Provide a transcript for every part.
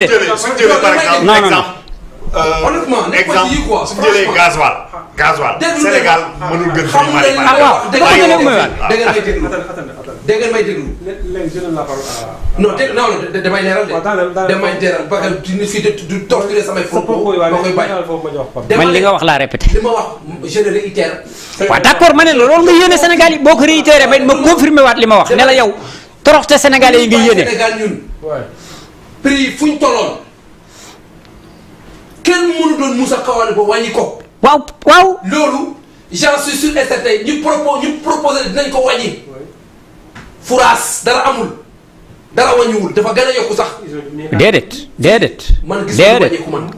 suñu jëlee par exemple. non non non honnêtement exemple suñu jëlee gasoil. gasoil Sénégal mënul gën a mari mari. ah waaw dégg nga may déglu dégg nga may déglu. léegi je donne la parole à. non dégg non damay leeral de. man li nga wax laa répété. li ma wax je le réitère. waaw d'accord ma ne la loolu nga yéene Sénégal yi boo ko réitéré ma confirmé waat li ma wax ne la yow toroxte Sénégalais yi nga yéene. prix yi fu ñu tolloon kenn mënu doon Moussa Kawale ba ko. waaw waaw. loolu j'en suis sûr et certain ñu propos ñu proposé dinañ ko wàññi. furaas dara amul. dara wàññiwul dafa gën a yokku sax. déedéet déedéet. man gis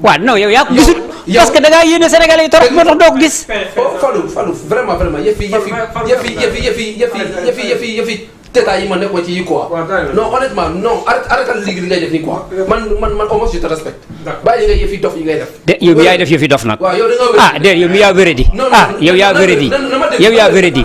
waaw non da ngaa yéene Sénégalais yi trop moo tax doo ko gis. yi yëf yi yëf yi yëf yi yëf yi yëf yi yëf yi détails ma nekkoon ci def nii quoi. man man man au moins je yi dof yi dof nag. ah déedéet yow mi yaa wéré di. ah yaa wéré di yow yaa wéré di.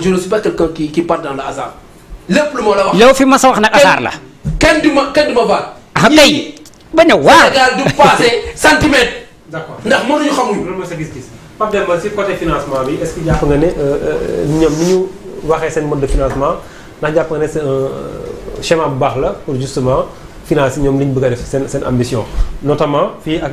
je ne suis pas quelqu'un qui part dans le hasard. le que la wax yow hasard du ma du ah, ben, centimètre. d'accord financement est-ce que ne euh, euh, mode de financement ndax avons c'est un euh, schéma pour justement financer ambition notamment fii ak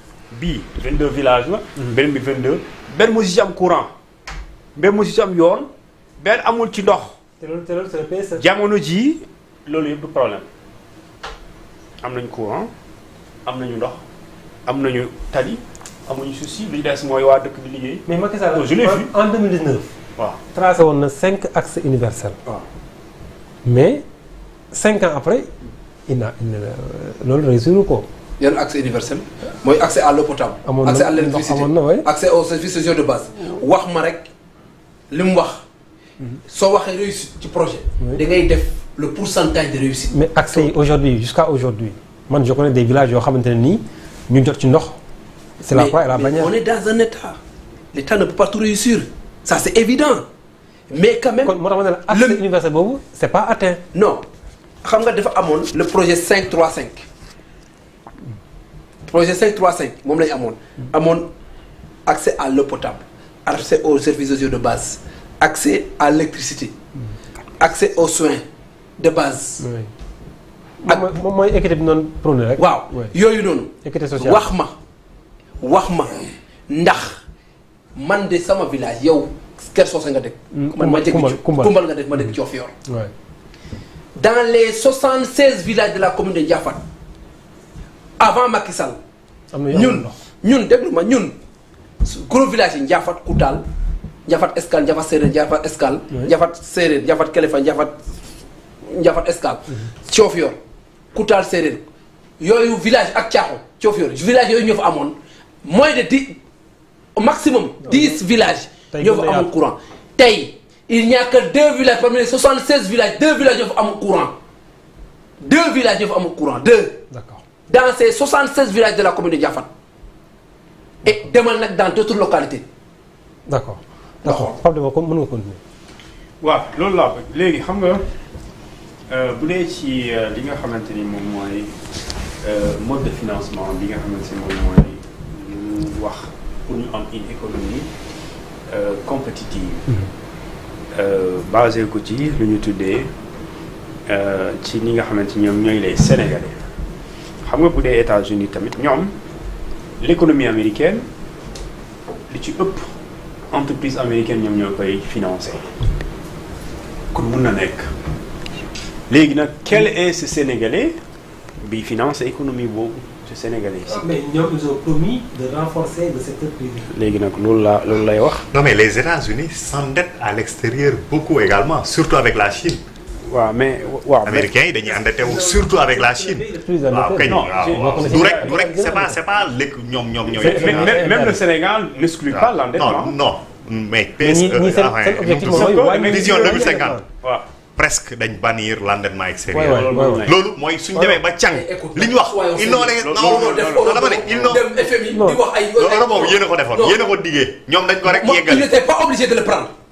b 22 villages, mm-hmm. ben 22, bi 22. ben courant ben ben amul ci ndox. c'est le jamono ji lolu problème am nañ courant am nañu ndox am nañu tali amuñu souci des dëkk bi mais en 2019. tracé na axes universels. mais 5 ans après il n'a il ne euh, loolu y a un accès universel moi accès à l'eau potable accès à l'électricité accès aux services sociaux de base wax ma rek soit wax projet def le pourcentage de réussite mais accès aujourd'hui jusqu'à aujourd'hui moi je connais des villages où xamante ne ñu c'est la croix et la bannière on est dans un état l'état ne peut pas tout réussir ça c'est évident mais quand même l'accès universel c'est pas atteint non xam nga dafa le projet 535 projet 535 moom mm accès à l'eau potable accès aux services de base accès à l'électricité mm. accès aux soins de base. Wow. moom mooy équité bi Oui. Wow. rek. équité sociale man de sama village yow Kumbal dans les 76 villages de la commune de Ndiaffate avant Macky nous... nous, ñun déglu ma gros village Ndiafat Koutal Ndiafat a Ndiafat Séeréer Ndiafat y Ndiafat fait Ndiafat Kelefa Escale. Mhm. il Koutal a eu village ak village moins de au maximum ah dix villages. courant il n'y a que deux villages parmi les soixante villages deux villages à mon courant deux villages à mon courant deux dans ces 76 villages de la commune de Diafan. Et demal nag dans d'autres localités. d'accord d'accord Pape Demba comme mën nga continuer. waaw loolu vous bëgg léegi xam nga euh, bu dee ci euh, li nga xamante ni moom mooy euh, mode de financement bi nga xamante ni moom wax pour am une économie compétitive. Mhm. basé ko ci lu ñu tuddee ci ñi nga xamante ñoom ñooy les Sénégalais xam nga bu dee États-Unis tamit l'économie américaine li ci ëpp entreprise américaine ñoom ñoo koy financé kon mun na nekk quel est ce sénégalais bi finance économie boobu ce sénégalais. Ah, mais ils ont promis de renforcer le secteur privé. léegi nag loolu la loolu lay wax. non mais les États-Unis s'endettent à l'extérieur beaucoup également surtout avec la Chine. waaw mais waaw américain yi dañuy ànd teew surtout avec la Chine. waaw kañ waaw c'est pas c'est pas léegi ñoom ñoom ñooy. même le Sénégal n'exclut pas l'endettement. non non mais. PSE e, mais vision 2050. waaw presque dañ bannir l'endettement extérieur. loolu mooy suñ demee ba càng li ñu wax. il n'ont non dama ne il n'ont dem FMI loolu moom yéen a ko defoon yéen ko diggee. ñoom dañ ko rek yeggali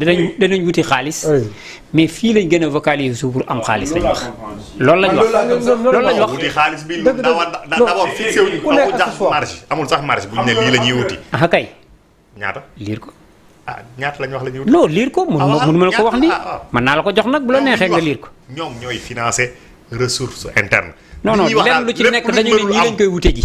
danañ danañ wuti xaalis. mais fii lañ gën a vocaliser su pour am xaalis lañ wax. loolu lañ wax loolu lañ wax wuti xaalis bi d'abord fixé wuñ ko amul sax marge amul ne lii la ñuy wuti. ah kay. ñaata liir ko. ah ñaata lañ wax la ñuy wuti. liir ko ah, ah, mun ma la ko wax nii. Ah, man naa la ko jox nag bu la neexee nga liir ko. ñoom ñooy financer ressource interne. non non lenn lu ci nekk dañu ne lañ koy wute ji.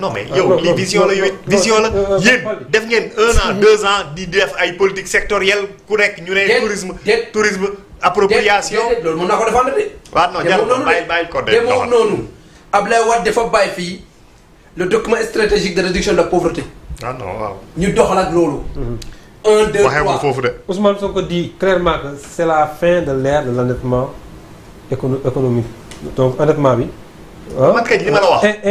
non mais ah, yow les vision la vision un an deux ans di def politique sectorielle ku tourisme appropriation loolu non le document stratégique de réduction de la pauvreté ah non waaw ñu doxal ak mhm. un deux trois Ousmane dit clairement que c'est la fin de l'ère de l'endettement économique donc bi ah.